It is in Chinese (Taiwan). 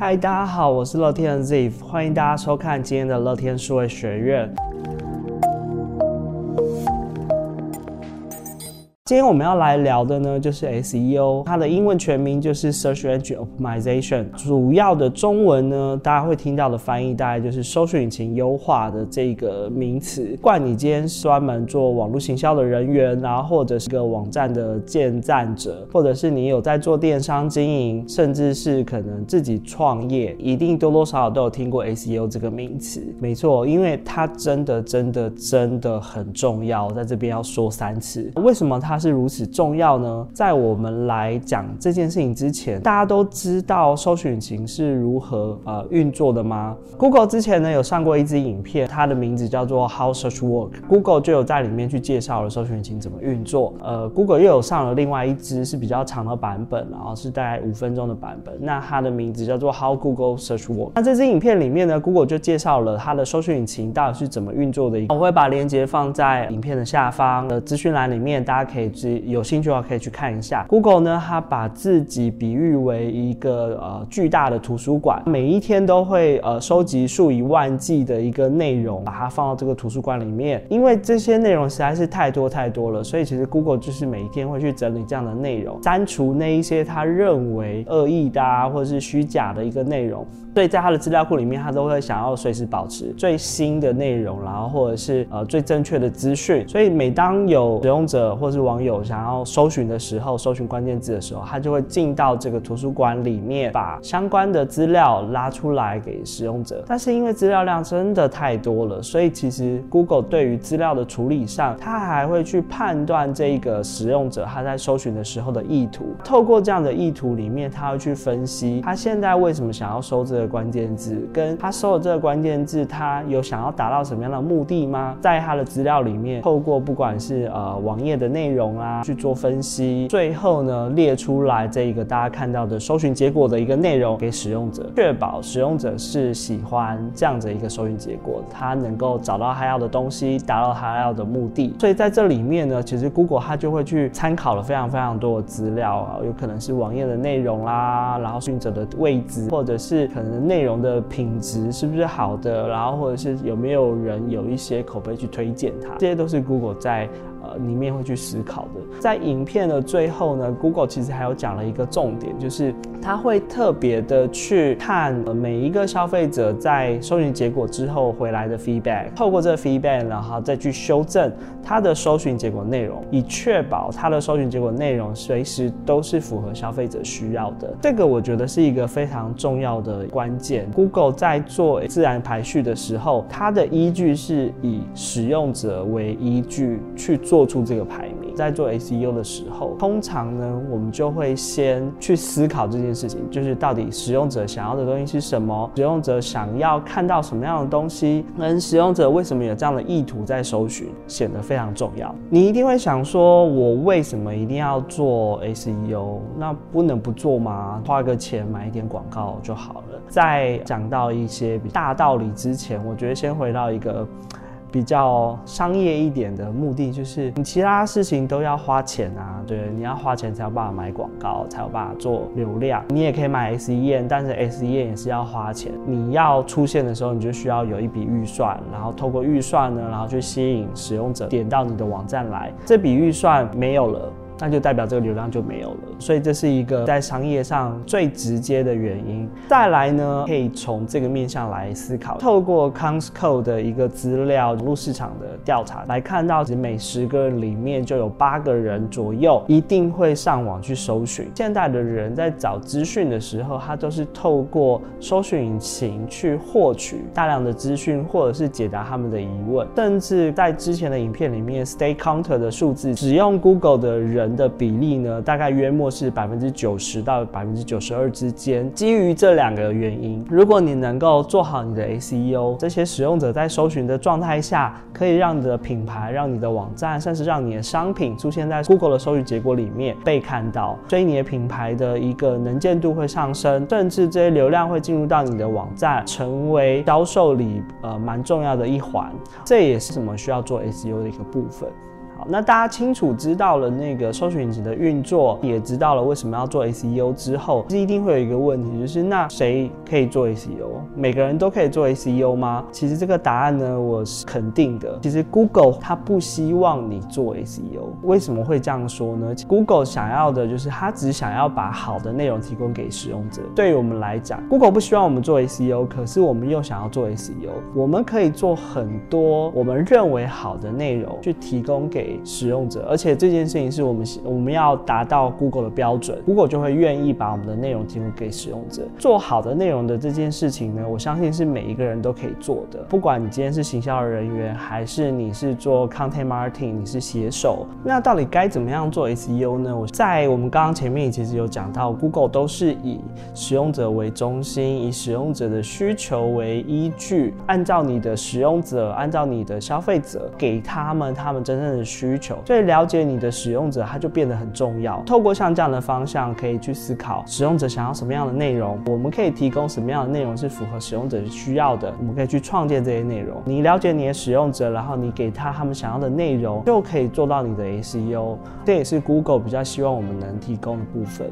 嗨，大家好，我是樂天的 Ziff，歡迎大家收看今天的樂天數位學院。今天我們要來聊的呢，就是 SEO，它的英文全名就是 Search Engine Optimization。主要的中文呢，大家會聽到的翻譯大概就是“搜尋引擎優化”的這個名詞。不管你今天專門做網絡行銷的人員啊，或者是一個網站的建站者，或者是你有在做電商經營，甚至是可能自己創業，一定多多少少都有聽過 SEO 這個名詞。沒錯，因為它真的、真的、真的很重要，我在這邊要說三次。為什麼它？是如此重要呢？在我們來講這件事情之前，大家都知道搜尋引擎是如何呃運作的嗎？Google 之前呢，有上過一支影片，它的名字叫做 How Search Works，Google 就有在裡面去介紹了搜尋引擎怎麼運作。呃，Google 又有上了另外一支是比較長的版本，然後是大概五分鐘的版本。那它的名字叫做 How Google Search Works。那這支影片裡面呢，Google 就介紹了它的搜尋引擎到底是怎麼運作的。我會把鏈接放在影片的下方的資訊欄裡面，大家可以。只，有興趣的話可以去看一下。Google 呢，它把自己比喻為一個呃巨大的圖書館，每一天都會呃收集數以萬計的一個內容，把它放到這個圖書館裡面。因為這些內容實在是太多太多了，所以其實 Google 就是每一天會去整理這樣的內容，刪除那一些他認為惡意的啊，或者是虛假的一個內容。所以在他的資料庫裡面，他都會想要隨時保持最新的內容，然後或者是呃最正確的資訊。所以每當有使用者或者是網有想要搜尋的時候，搜尋關鍵字的時候，他就會進到這個圖書館裡面，把相關的資料拉出來給使用者。但是因為資料量真的太多了，所以其實 Google 對於資料的處理上，他還會去判斷這個使用者他在搜尋的時候的意圖。透過這樣的意圖裡面，他會去分析他現在為什麼想要搜這個關鍵字，跟他搜的這個關鍵字，他有想要達到什麼樣的目的嗎？在他的資料裡面，透過不管是呃網頁的內容。啊，去做分析，最後呢，列出來這一個大家看到的搜尋結果的一個內容給使用者，確保使用者是喜歡這樣的一個搜尋結果，他能夠找到他要的東西，達到他要的目的。所以在這裡面呢，其實 Google 它就會去參考了非常非常多的資料啊，有可能是網頁的內容啦，然後使用者的位置，或者是可能內容的品質是不是好的，然後或者是有沒有人有一些口碑去推薦它，這些都是 Google 在。裡面會去思考的。在影片的最後呢，Google 其實還有講了一個重點，就是它會特別的去看每一個消費者在搜尋結果之後回來的 feedback，透過這個 feedback，然後再去修正它的搜尋結果內容，以確保它的搜尋結果內容隨時都是符合消費者需要的。這個我覺得是一個非常重要的關鍵。Google 在做自然排序的時候，它的依據是以使用者為依據去做。做出這個排名，在做 SEO 的時候，通常呢，我們就會先去思考這件事情，就是到底使用者想要的東西是什麼，使用者想要看到什麼樣的東西，嗯，使用者為什麼有這樣的意圖在搜尋，顯得非常重要。你一定會想說，我為什麼一定要做 SEO？那不能不做嗎？花個錢買一點廣告就好了。在講到一些大道理之前，我覺得先回到一個。比較商業一點的目的就是，你其他事情都要花錢啊，對，你要花錢才有辦法買廣告，才有辦法做流量。你也可以買 SEM，但是 SEM 也是要花錢。你要出現的時候，你就需要有一筆預算，然後透過預算呢，然後去吸引使用者點到你的網站來。這筆預算沒有了。那就代表這個流量就沒有了，所以這是一個在商業上最直接的原因。再來呢，可以從這個面向來思考。透過 Comscore 的一個資料入市場的調查來看到，每十個裡面就有八個人左右一定會上網去搜尋。現代的人在找資訊的時候，他都是透過搜尋引擎去獲取大量的資訊，或者是解答他們的疑問。甚至在之前的影片裡面，StatCounter 的數字，使用 Google 的人的比例呢，大概約莫是百分之九十到百分之九十二之間。基於這兩個原因，如果你能夠做好你的 SEO，這些使用者在搜尋的狀態下，可以讓你的品牌、讓你的網站，甚至讓你的商品出現在 Google 的搜尋結果裡面被看到，所以你的品牌的一個能見度會上升，甚至這些流量會進入到你的網站，成為銷售裡呃蠻重要的一環。這也是什麼需要做 SEO 的一個部分。好，那大家清楚知道了那個搜尋引擎的運作，也知道了為什麼要做 SEO 之後，一定會有一個問題，就是那誰可以做 SEO？每個人都可以做 SEO 嗎？其實這個答案呢，我是肯定的。其實 Google 它不希望你做 SEO，為什麼會這樣說呢？Google 想要的就是它只想要把好的內容提供給使用者。對於我們來講，Google 不希望我們做 SEO，可是我們又想要做 SEO，我們可以做很多我們認為好的內容去提供給。使用者，而且這件事情是我們我們要達到 Google 的標準，Google 就會願意把我們的內容提供給使用者。做好的內容的這件事情呢，我相信是每一個人都可以做的。不管你今天是行銷人員，還是你是做 content marketing，你是寫手，那到底該怎麼樣做 SEO 呢？我在我們剛剛前面其實有講到，Google 都是以使用者為中心，以使用者的需求為依據，按照你的使用者，按照你的消費者，給他們他們真正的。需求，所以了解你的使用者，他就變得很重要。透過像這樣的方向，可以去思考使用者想要什麼樣的內容，我們可以提供什麼樣的內容是符合使用者需要的。我們可以去創建這些內容。你了解你的使用者，然後你給他他們想要的內容，就可以做到你的 SEO。這也是 Google 比較希望我們能提供的部分。